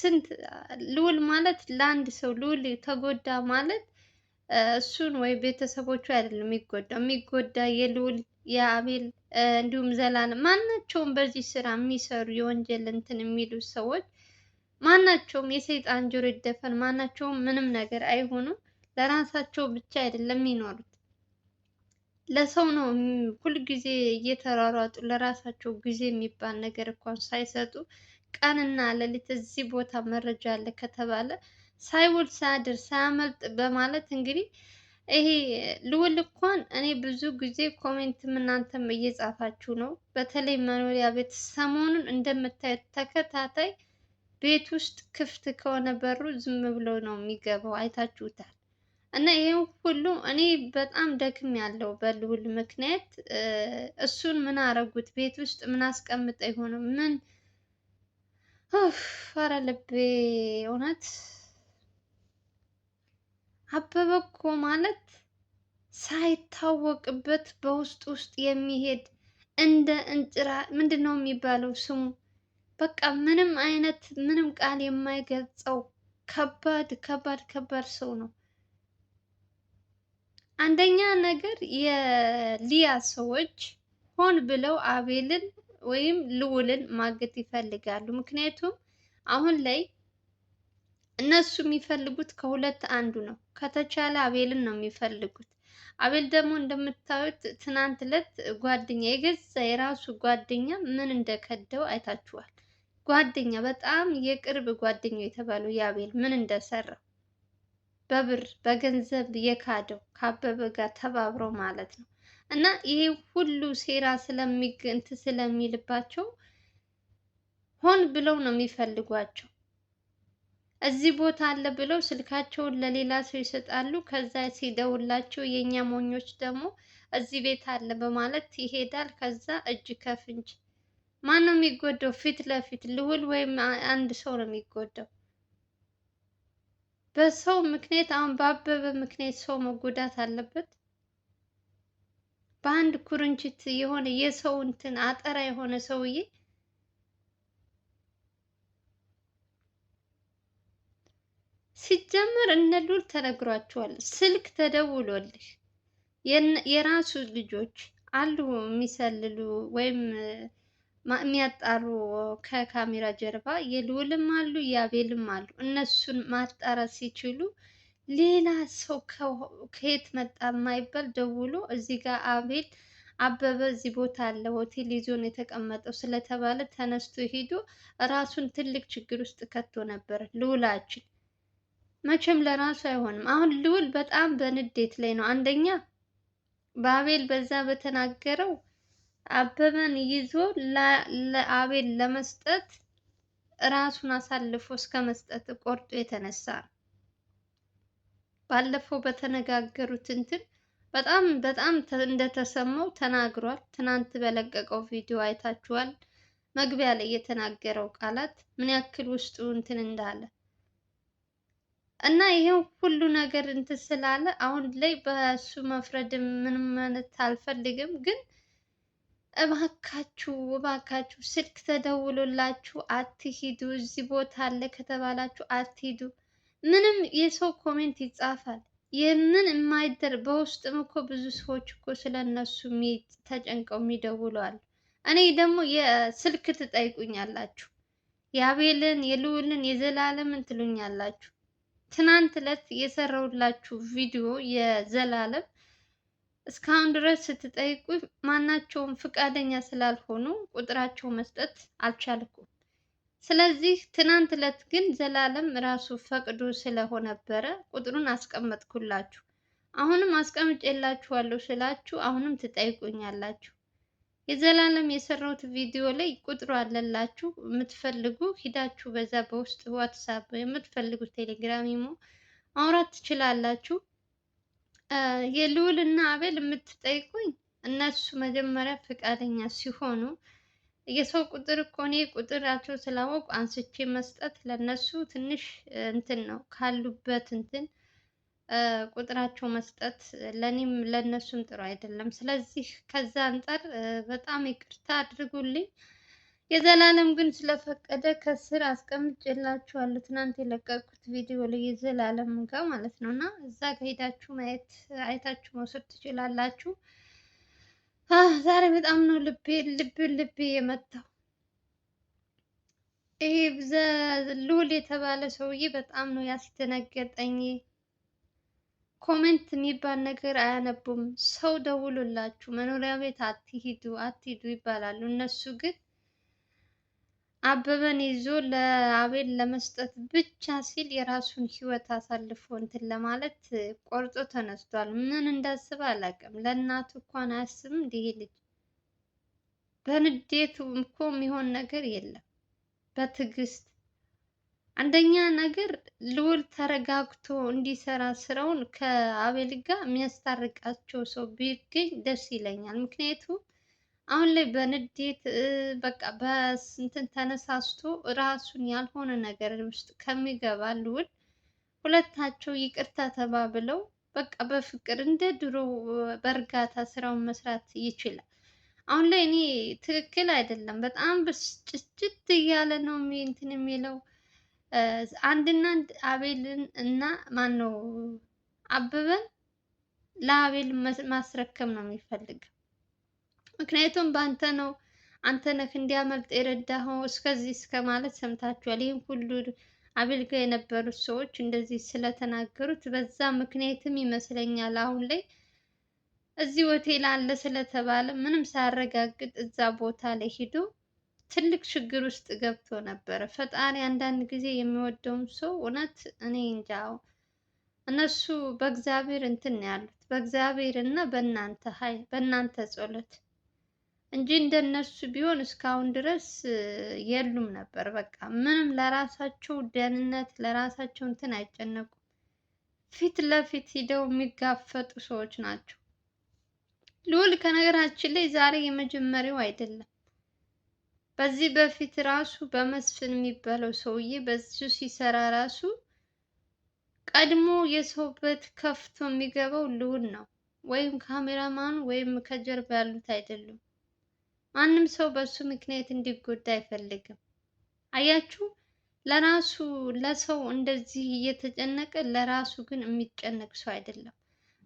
ስንት ልዑል ማለት ለአንድ ሰው ልዑል ተጎዳ ማለት እሱን ወይ ቤተሰቦቹ አይደለም የሚጎዳው የሚጎዳ የልዑል የአቤል እንዲሁም ዘላለም ማናቸውም በዚህ ስራ የሚሰሩ የወንጀል እንትን የሚሉ ሰዎች ማናቸውም የሰይጣን ጆሮ ይደፈን፣ ማናቸውም ምንም ነገር አይሆኑም። ለራሳቸው ብቻ አይደለም የሚኖሩት፣ ለሰው ነው ሁልጊዜ እየተሯሯጡ ለራሳቸው ጊዜ የሚባል ነገር እንኳን ሳይሰጡ ቀንና ሌሊት እዚህ ቦታ መረጃ አለ ከተባለ ሳይውል ሳያድር ሳያመልጥ በማለት እንግዲህ ይሄ ልውል እንኳን እኔ ብዙ ጊዜ ኮሜንትም እናንተም እየጻፋችሁ ነው። በተለይ መኖሪያ ቤት ሰሞኑን እንደምታዩት ተከታታይ ቤት ውስጥ ክፍት ከሆነ በሩ ዝም ብሎ ነው የሚገባው፣ አይታችሁታል። እና ይህም ሁሉ እኔ በጣም ደክም ያለው በልውል ምክንያት እሱን ምን አረጉት? ቤት ውስጥ ምን አስቀምጠ ይሆነው ምን ኧረ ልቤ እውነት አበበ እኮ ማለት ሳይታወቅበት በውስጥ ውስጥ የሚሄድ እንደ እንጭራ ምንድን ነው የሚባለው ስሙ? በቃ ምንም አይነት ምንም ቃል የማይገልጸው ከባድ ከባድ ከባድ ሰው ነው። አንደኛ ነገር የሊያ ሰዎች ሆን ብለው አቤልን ወይም ልዑልን ማገት ይፈልጋሉ። ምክንያቱም አሁን ላይ እነሱ የሚፈልጉት ከሁለት አንዱ ነው። ከተቻለ አቤልን ነው የሚፈልጉት። አቤል ደግሞ እንደምታዩት ትናንት ዕለት ጓደኛ የገዛ የራሱ ጓደኛ ምን እንደከደው አይታችኋል። ጓደኛ በጣም የቅርብ ጓደኛው የተባለው የአቤል ምን እንደሰራው በብር በገንዘብ የካደው ከአበበ ጋር ተባብሮ ማለት ነው። እና ይሄ ሁሉ ሴራ ስለሚግ ስለሚልባቸው ሆን ብለው ነው የሚፈልጓቸው። እዚህ ቦታ አለ ብለው ስልካቸውን ለሌላ ሰው ይሰጣሉ። ከዛ ሲደውላቸው የእኛ ሞኞች ደግሞ እዚህ ቤት አለ በማለት ይሄዳል። ከዛ እጅ ከፍንጅ ማን ነው የሚጎዳው? ፊት ለፊት ልዑል ወይም አንድ ሰው ነው የሚጎዳው። በሰው ምክንያት አሁን በአበበ ምክንያት ሰው መጎዳት አለበት? በአንድ ኩርንችት የሆነ የሰው እንትን አጠራ የሆነ ሰውዬ ሲጀመር እነ ሉል ተነግሯቸዋል። ስልክ ተደውሎልሽ የራሱ ልጆች አሉ የሚሰልሉ ወይም የሚያጣሩ ከካሜራ ጀርባ የልዑልም አሉ የአቤልም አሉ። እነሱን ማጣራት ሲችሉ ሌላ ሰው ከየት መጣ የማይባል ደውሎ እዚህ ጋር አቤል አበበ እዚህ ቦታ አለ ሆቴል ይዞ ነው የተቀመጠው ስለተባለ ተነስቶ ሄዶ ራሱን ትልቅ ችግር ውስጥ ከቶ ነበር። ልዑላችን መቼም ለራሱ አይሆንም። አሁን ልዑል በጣም በንዴት ላይ ነው። አንደኛ በአቤል በዛ በተናገረው አበበን ይዞ ለአቤል ለመስጠት ራሱን አሳልፎ እስከ መስጠት ቆርጦ የተነሳ ነው። ባለፈው በተነጋገሩት እንትን በጣም በጣም እንደተሰማው ተናግሯል። ትናንት በለቀቀው ቪዲዮ አይታችኋል። መግቢያ ላይ የተናገረው ቃላት ምን ያክል ውስጡ እንትን እንዳለ እና ይሄው ሁሉ ነገር እንትን ስላለ አሁን ላይ በሱ መፍረድ ምንም ማለት አልፈልግም፣ ግን እባካችሁ እባካችሁ ስልክ ተደውሎላችሁ አትሂዱ፣ እዚህ ቦታ አለ ከተባላችሁ አትሂዱ። ምንም የሰው ኮሜንት ይጻፋል። ይህንን የማይደር በውስጥም እኮ ብዙ ሰዎች እኮ ስለነሱ ተጨንቀው የሚደውለዋል። እኔ ደግሞ የስልክ ትጠይቁኛላችሁ፣ የአቤልን፣ የልዑልን፣ የዘላለምን ትሉኛላችሁ። ትናንት ዕለት የሰራሁላችሁ ቪዲዮ የዘላለም እስካሁን ድረስ ስትጠይቁ ማናቸውም ፈቃደኛ ስላልሆኑ ቁጥራቸው መስጠት አልቻልኩም። ስለዚህ ትናንት ዕለት ግን ዘላለም ራሱ ፈቅዶ ስለሆነበረ ቁጥሩን አስቀመጥኩላችሁ። አሁንም አስቀምጬላችኋለሁ ስላችሁ አሁንም ትጠይቁኛላችሁ። የዘላለም የሰራሁት ቪዲዮ ላይ ቁጥሩ አለላችሁ። የምትፈልጉ ሂዳችሁ በዛ በውስጥ ዋትሳፕ የምትፈልጉት ቴሌግራም ይሞ ማውራት ትችላላችሁ። የልዑል እና አቤል የምትጠይቁኝ እነሱ መጀመሪያ ፈቃደኛ ሲሆኑ የሰው ቁጥር እኮ እኔ ቁጥራቸው ስላወቅ አንስቼ መስጠት ለነሱ ትንሽ እንትን ነው ካሉበት እንትን ቁጥራቸው መስጠት ለእኔም ለእነሱም ጥሩ አይደለም። ስለዚህ ከዛ አንጻር በጣም ይቅርታ አድርጉልኝ። የዘላለም ግን ስለፈቀደ ከስር አስቀምጬላችኋለሁ ትናንት የለቀቁት ቪዲዮ ላይ የዘላለም ጋር ማለት ነው እና እዛ ከሄዳችሁ ማየት አይታችሁ መውሰድ ትችላላችሁ። ዛሬ በጣም ነው ልቤ ልብ ልቤ የመታው። ይህ ልዑል የተባለ ሰውዬ በጣም ነው ያስደነገጠኝ። ኮሜንት የሚባል ነገር አያነቡም። ሰው ደውሎላችሁ መኖሪያ ቤት አትሂዱ አትሂዱ ይባላሉ። እነሱ ግን አበበን ይዞ ለአቤል ለመስጠት ብቻ ሲል የራሱን ህይወት አሳልፎ እንትን ለማለት ቆርጦ ተነስቷል። ምን እንዳስብ አላውቅም። ለእናቱ እንኳን አያስብም። እንዲህ ልጅ በንዴቱ እኮ የሚሆን ነገር የለም። በትዕግስት አንደኛ ነገር ልውል ተረጋግቶ እንዲሰራ ስራውን ከአቤል ጋር የሚያስታርቃቸው ሰው ቢገኝ ደስ ይለኛል። ምክንያቱም አሁን ላይ በንዴት በቃ በስንትን ተነሳስቶ ራሱን ያልሆነ ነገር ውስጥ ከሚገባ ልውል ሁለታቸው ይቅርታ ተባብለው በቃ በፍቅር እንደ ድሮ በእርጋታ ስራውን መስራት ይችላል። አሁን ላይ እኔ ትክክል አይደለም፣ በጣም ብስጭት እያለ ነው እንትን የሚለው አንድና አንድ አቤልን እና ማን ነው አበበን ለአቤል ማስረከም ነው የሚፈልገው። ምክንያቱም በአንተ ነው አንተ ነህ እንዲያመልጥ የረዳኸው እስከዚህ እስከ ማለት ሰምታችኋል። ይህም ሁሉ አቤል ጋር የነበሩት ሰዎች እንደዚህ ስለተናገሩት በዛ ምክንያትም ይመስለኛል አሁን ላይ እዚህ ሆቴል አለ ስለተባለ ምንም ሳያረጋግጥ እዛ ቦታ ላይ ሂዶ ትልቅ ችግር ውስጥ ገብቶ ነበረ። ፈጣሪ አንዳንድ ጊዜ የሚወደውም ሰው እውነት እኔ እንጃ። እነሱ በእግዚአብሔር እንትን ያሉት በእግዚአብሔር እና በእናንተ ኃይል በእናንተ ጸሎት እንጂ እንደነሱ ቢሆን እስካሁን ድረስ የሉም ነበር። በቃ ምንም ለራሳቸው ደህንነት ለራሳቸው እንትን አይጨነቁም። ፊት ለፊት ሂደው የሚጋፈጡ ሰዎች ናቸው። ልዑል ከነገራችን ላይ ዛሬ የመጀመሪያው አይደለም። በዚህ በፊት ራሱ በመስፍን የሚባለው ሰውዬ በዚሁ ሲሰራ ራሱ ቀድሞ የሰው ቤት ከፍቶ የሚገባው ልዑል ነው። ወይም ካሜራማኑ ወይም ከጀርባ ያሉት አይደሉም። ማንም ሰው በሱ ምክንያት እንዲጎዳ አይፈልግም። አያችሁ ለራሱ ለሰው እንደዚህ እየተጨነቀ ለራሱ ግን የሚጨነቅ ሰው አይደለም።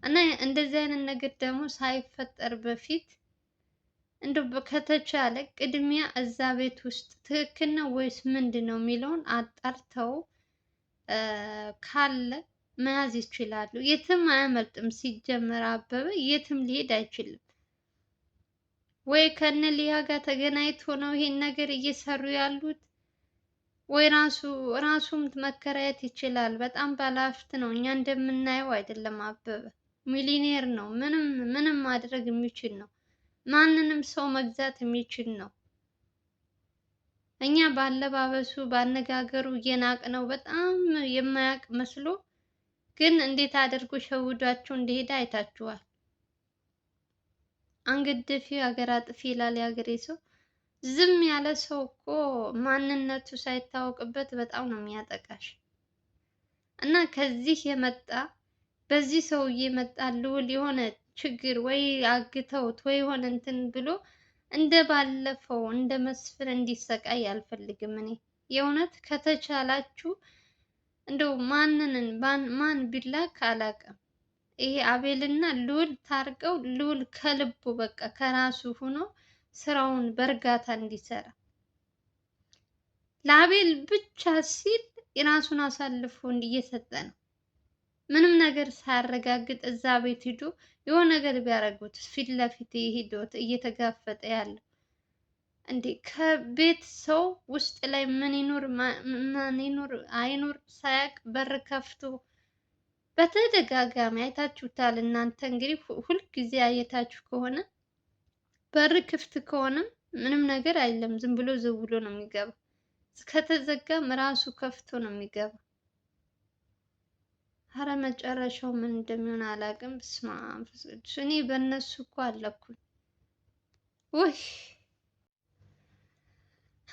እና እንደዚህ አይነት ነገር ደግሞ ሳይፈጠር በፊት እንደው ከተቻለ ቅድሚያ እዛ ቤት ውስጥ ትክክል ነው ወይስ ምንድን ነው የሚለውን አጣርተው ካለ መያዝ ይችላሉ። የትም አያመልጥም። ሲጀመር አበበ የትም ሊሄድ አይችልም። ወይ ከነ ሊያ ጋር ተገናኝቶ ነው ይሄን ነገር እየሰሩ ያሉት። ወይ ራሱ ራሱም መከራየት ይችላል። በጣም ባለሀብት ነው። እኛ እንደምናየው አይደለም። አበበ ሚሊኔር ነው። ምንም ምንም ማድረግ የሚችል ነው። ማንንም ሰው መግዛት የሚችል ነው። እኛ ባለባበሱ ባነጋገሩ እየናቅ ነው። በጣም የማያውቅ መስሎ ግን እንዴት አድርጎ ሸውዷቸው እንደሄደ አይታችኋል። አንገደፊ ደፊ ሀገር አጥፊ ይላል የሀገሬ ሰው። ዝም ያለ ሰው እኮ ማንነቱ ሳይታወቅበት በጣም ነው የሚያጠቃሽ። እና ከዚህ የመጣ በዚህ ሰውዬ የመጣ ልዑል የሆነ ችግር ወይ አግተውት ወይ የሆነ እንትን ብሎ እንደ ባለፈው እንደ መስፍን እንዲሰቃይ አልፈልግም። እኔ የእውነት ከተቻላችሁ እንደው ማንንን ማን ቢላክ አላውቅም ይሄ አቤልና ልዑል ታርቀው ልዑል ከልቡ በቃ ከራሱ ሆኖ ስራውን በእርጋታ እንዲሰራ ለአቤል ብቻ ሲል የራሱን አሳልፎ እየሰጠ ነው። ምንም ነገር ሳያረጋግጥ እዛ ቤት ሂዶ የሆነ ነገር ቢያደርጉት ፊት ለፊት ሂዶት እየተጋፈጠ ያለው እንዴ ከቤት ሰው ውስጥ ላይ ምን ይኑር ምን ይኑር አይኑር ሳያቅ በር ከፍቶ በተደጋጋሚ አይታችሁታል። እናንተ እንግዲህ ሁልጊዜ አየታችሁ ከሆነ በር ክፍት ከሆነም ምንም ነገር አይለም። ዝም ብሎ ዝው ብሎ ነው የሚገባው። ከተዘጋም ራሱ ከፍቶ ነው የሚገባው። አረ መጨረሻው ምን እንደሚሆን አላውቅም። ስማ እኔ በእነሱ እኮ አለኩኝ ውይ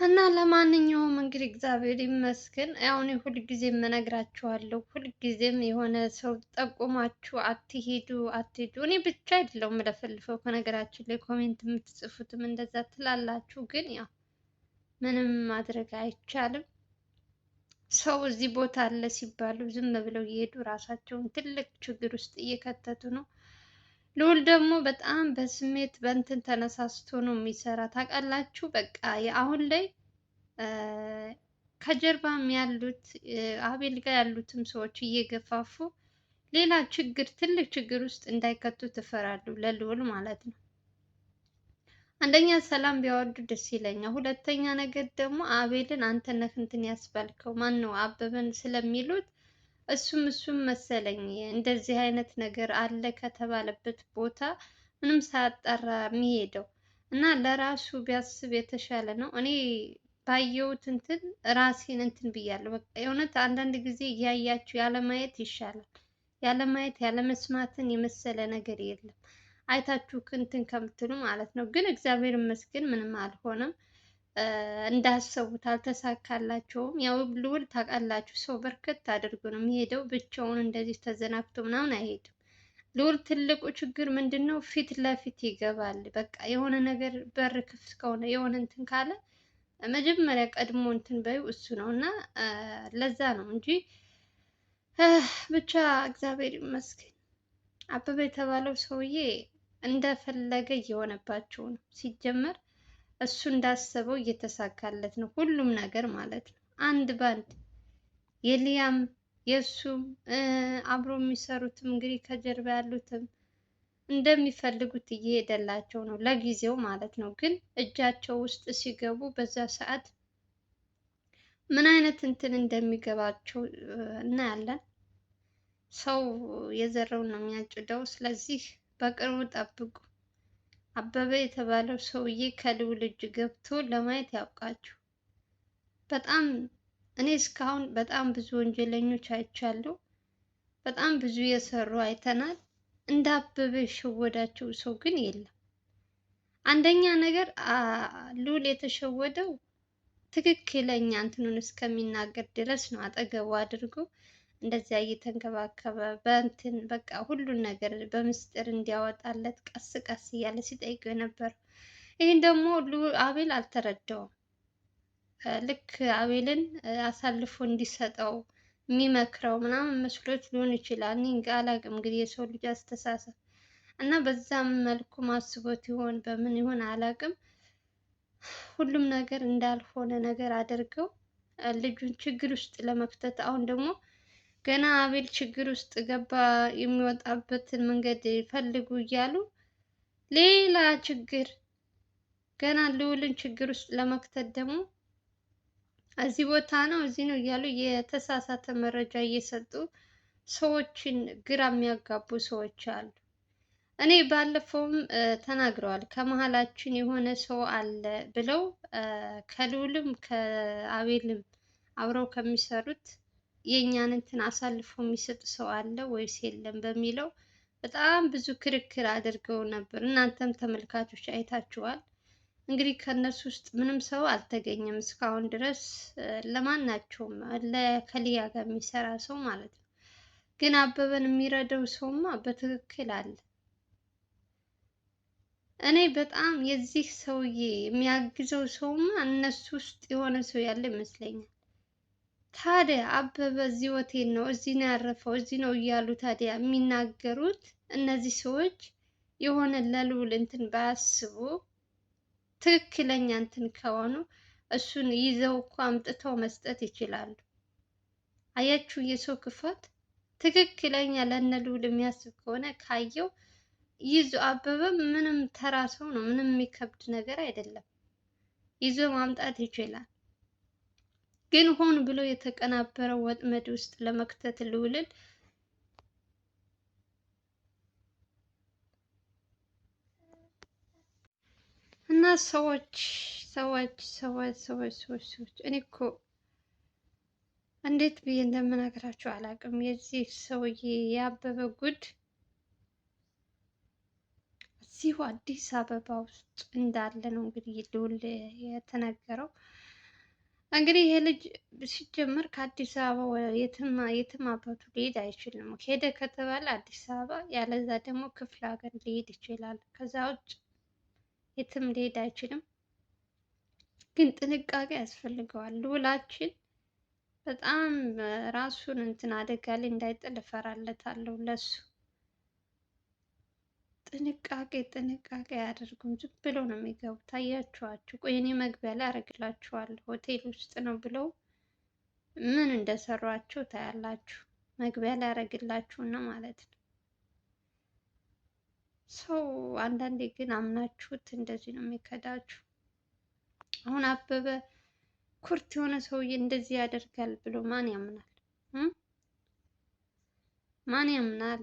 እና ለማንኛውም እንግዲህ እግዚአብሔር ይመስገን። ያው እኔ ሁልጊዜም እነግራችኋለሁ፣ ሁልጊዜም የሆነ ሰው ጠቁማችሁ አትሄዱ አትሄዱ። እኔ ብቻ አይደለሁም የምለፈልፈው ከነገራችን ላይ ኮሜንት የምትጽፉትም እንደዛ ትላላችሁ፣ ግን ያው ምንም ማድረግ አይቻልም። ሰው እዚህ ቦታ አለ ሲባሉ ዝም ብለው እየሄዱ ራሳቸውን ትልቅ ችግር ውስጥ እየከተቱ ነው። ልዑል ደግሞ በጣም በስሜት በእንትን ተነሳስቶ ነው የሚሰራ። ታውቃላችሁ በቃ አሁን ላይ ከጀርባም ያሉት አቤል ጋር ያሉትም ሰዎች እየገፋፉ ሌላ ችግር ትልቅ ችግር ውስጥ እንዳይከቱ ትፈራሉ፣ ለልዑል ማለት ነው። አንደኛ ሰላም ቢያወርዱ ደስ ይለኛል። ሁለተኛ ነገር ደግሞ አቤልን አንተ ነህ እንትን ያስባልከው ማን ነው አበበን ስለሚሉት እሱም እሱም መሰለኝ እንደዚህ አይነት ነገር አለ ከተባለበት ቦታ ምንም ሳጠራ የሚሄደው እና ለራሱ ቢያስብ የተሻለ ነው። እኔ ባየሁት እንትን ራሴን እንትን ብያለሁ። በቃ የእውነት አንዳንድ ጊዜ እያያችሁ ያለማየት ይሻላል። ያለማየት ያለመስማትን የመሰለ ነገር የለም። አይታችሁ እንትን ከምትሉ ማለት ነው። ግን እግዚአብሔር ይመስገን ምንም አልሆነም። እንዳሰቡት አልተሳካላቸውም። ያው ልውል ታውቃላችሁ፣ ሰው በርከት አድርጎ ነው የሚሄደው። ብቻውን እንደዚህ ተዘናግቶ ምናምን አይሄድም። ልውል ትልቁ ችግር ምንድን ነው? ፊት ለፊት ይገባል። በቃ የሆነ ነገር በር ክፍት ከሆነ የሆነ እንትን ካለ መጀመሪያ ቀድሞ እንትን በዩ እሱ ነው እና ለዛ ነው እንጂ ብቻ እግዚአብሔር ይመስገን። አበበ የተባለው ሰውዬ እንደፈለገ እየሆነባቸው ነው ሲጀመር እሱ እንዳሰበው እየተሳካለት ነው ሁሉም ነገር ማለት ነው። አንድ ባንድ የሊያም የእሱም አብሮ የሚሰሩትም እንግዲህ ከጀርባ ያሉትም እንደሚፈልጉት እየሄደላቸው ነው ለጊዜው ማለት ነው። ግን እጃቸው ውስጥ ሲገቡ በዛ ሰዓት ምን አይነት እንትን እንደሚገባቸው እናያለን። ሰው የዘረውን ነው የሚያጭደው። ስለዚህ በቅርቡ ጠብቁ። አበበ የተባለው ሰውዬ ከልዑል እጅ ገብቶ ለማየት ያውቃችሁ። በጣም እኔ እስካሁን በጣም ብዙ ወንጀለኞች አይቻለሁ። በጣም ብዙ የሰሩ አይተናል። እንደ አበበ የሸወዳቸው ሰው ግን የለም። አንደኛ ነገር ሉል የተሸወደው ትክክለኛ እንትኑን እስከሚናገር ድረስ ነው አጠገቡ አድርጎ እንደዚያ እየተንከባከበ በእንትን በቃ ሁሉን ነገር በምስጢር እንዲያወጣለት ቀስ ቀስ እያለ ሲጠይቀው የነበረው። ይህን ደግሞ አቤል አልተረዳውም። ልክ አቤልን አሳልፎ እንዲሰጠው የሚመክረው ምናምን መስሎች ሊሆን ይችላል። እኔ አላቅም እንግዲህ የሰው ልጅ አስተሳሰብ እና በዛም መልኩ ማስቦት ይሆን በምን ይሆን አላቅም። ሁሉም ነገር እንዳልሆነ ነገር አድርገው ልጁን ችግር ውስጥ ለመክተት አሁን ደግሞ ገና አቤል ችግር ውስጥ ገባ የሚወጣበትን መንገድ ፈልጉ እያሉ ሌላ ችግር ገና ልዑልን ችግር ውስጥ ለመክተት ደግሞ እዚህ ቦታ ነው እዚህ ነው እያሉ የተሳሳተ መረጃ እየሰጡ ሰዎችን ግራ የሚያጋቡ ሰዎች አሉ። እኔ ባለፈውም ተናግረዋል። ከመሀላችን የሆነ ሰው አለ ብለው ከልዑልም ከአቤልም አብረው ከሚሰሩት የእኛን እንትን አሳልፎ የሚሰጥ ሰው አለ ወይስ የለም በሚለው በጣም ብዙ ክርክር አድርገው ነበር። እናንተም ተመልካቾች አይታችኋል። እንግዲህ ከእነሱ ውስጥ ምንም ሰው አልተገኘም እስካሁን ድረስ ለማናቸውም ለከሊያ ጋር የሚሰራ ሰው ማለት ነው። ግን አበበን የሚረዳው ሰውማ በትክክል አለ። እኔ በጣም የዚህ ሰውዬ የሚያግዘው ሰውማ እነሱ ውስጥ የሆነ ሰው ያለ ይመስለኛል። ታዲያ አበበ እዚህ ሆቴል ነው፣ እዚህ ነው ያረፈው፣ እዚህ ነው እያሉ ታዲያ የሚናገሩት እነዚህ ሰዎች የሆነ ለልዑል እንትን ባያስቡ ትክክለኛ እንትን ከሆኑ እሱን ይዘው እኮ አምጥተው መስጠት ይችላሉ። አያችሁ የሰው ክፋት። ትክክለኛ ለነ ልዑል የሚያስብ ከሆነ ካየው ይዞ አበበ ምንም ተራ ሰው ነው፣ ምንም የሚከብድ ነገር አይደለም፣ ይዞ ማምጣት ይችላል። ግን ሆን ብሎ የተቀናበረ ወጥመድ ውስጥ ለመክተት ልዑልን እና ሰዎች ሰዎች ሰዎች ሰዎች ሰዎች ሰዎች እኔ እኮ እንዴት ብዬ እንደምናገራችሁ አላውቅም። የዚህ ሰውዬ ያበበ ጉድ እዚሁ አዲስ አበባ ውስጥ እንዳለ ነው እንግዲህ ልውል የተነገረው። እንግዲህ ይሄ ልጅ ሲጀመር ከአዲስ አበባ የትም የትም አባቱ ሊሄድ አይችልም። ሄደ ከተባለ አዲስ አበባ፣ ያለዛ ደግሞ ክፍለ ሀገር ሊሄድ ይችላል። ከዛ ውጭ የትም ሊሄድ አይችልም። ግን ጥንቃቄ ያስፈልገዋል። ልውላችን በጣም ራሱን እንትን አደጋ ላይ እንዳይጥል እፈራለታለሁ ለሱ ጥንቃቄ ጥንቃቄ አያደርጉም። ዝም ብለው ነው የሚገቡት። አያችኋችሁ? ቆይ እኔ መግቢያ ላይ አደርግላችኋለሁ። ሆቴል ውስጥ ነው ብለው ምን እንደሰሯቸው ታያላችሁ። መግቢያ ላይ አደርግላችሁና ማለት ነው። ሰው አንዳንዴ ግን አምናችሁት እንደዚህ ነው የሚከዳችሁ። አሁን አበበ ኩርት የሆነ ሰውዬ እንደዚህ ያደርጋል ብሎ ማን ያምናል? ማን ያምናል?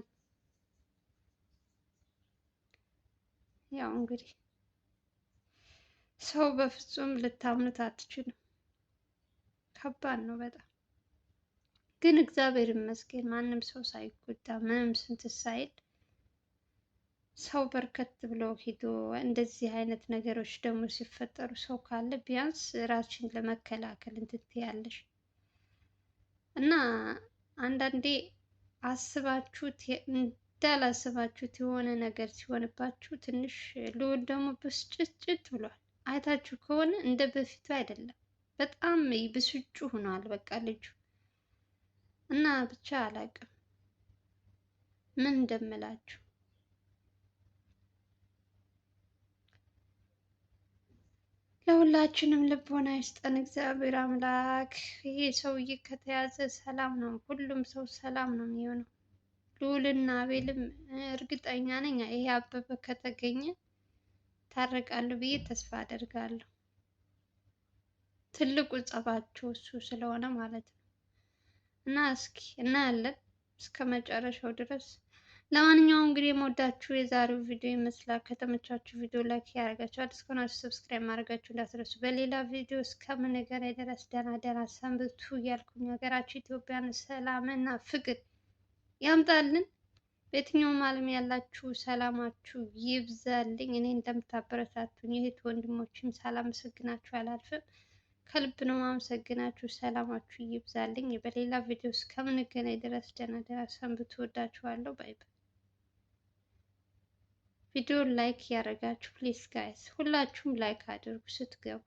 ያው እንግዲህ ሰው በፍጹም ልታምኑት አትችሉም። ከባድ ነው በጣም ግን እግዚአብሔር ይመስገን ማንም ሰው ሳይጎዳ ምንም ስንት ሳይል ሰው በርከት ብሎ ሂዶ እንደዚህ አይነት ነገሮች ደግሞ ሲፈጠሩ ሰው ካለ ቢያንስ ራችን ለመከላከል እንትት ያለሽ እና አንዳንዴ አስባችሁት ያላሰባችሁት የሆነ ነገር ሲሆንባችሁ ትንሽ ልዑል ደግሞ ብስጭጭት ብሏል። አይታችሁ ከሆነ እንደ በፊቱ አይደለም። በጣም ብስጩ ሆኗል። በቃ ልጁ እና ብቻ አላውቅም ምን እንደምላችሁ። ለሁላችንም ልቦና ይስጠን እግዚአብሔር አምላክ። ይሄ ሰውዬ ከተያዘ ሰላም ነው፣ ሁሉም ሰው ሰላም ነው የሚሆነው። ልዑልና አቤልም እርግጠኛ ነኝ ይሄ አበበ ከተገኘ ታረቃሉ ብዬ ተስፋ አደርጋለሁ። ትልቁ ጸባቸው እሱ ስለሆነ ማለት ነው። እና እስኪ እናያለን እስከ መጨረሻው ድረስ። ለማንኛውም እንግዲህ የምወዳችሁ የዛሬው ቪዲዮ ይመስላል። ከተመቻችሁ ቪዲዮ ላይክ ያደረጋችሁ አዲስ ከሆናችሁ ሰብስክራይብ ማድረጋችሁ እንዳትረሱ። በሌላ ቪዲዮ እስከምንገናኝ ድረስ ደህና ደህና ሰንብቱ እያልኩኝ ሀገራችሁ ኢትዮጵያን ሰላምና ፍቅር ያምጣልን። በየትኛውም ዓለም ያላችሁ ሰላማችሁ ይብዛልኝ። እኔ እንደምታበረታቱኝ የእህት ወንድሞችም ሳላመሰግናችሁ አላልፍም። ከልብ ነው ማመሰግናችሁ። ሰላማችሁ ይብዛልኝ። በሌላ ቪዲዮ እስከምንገናኝ ድረስ ደህና ደህና ሰንብቱ። ባይ ባይ። ቪዲዮ ላይክ ያደረጋችሁ ፕሊዝ ጋይስ ሁላችሁም ላይክ አድርጉ ስትገቡ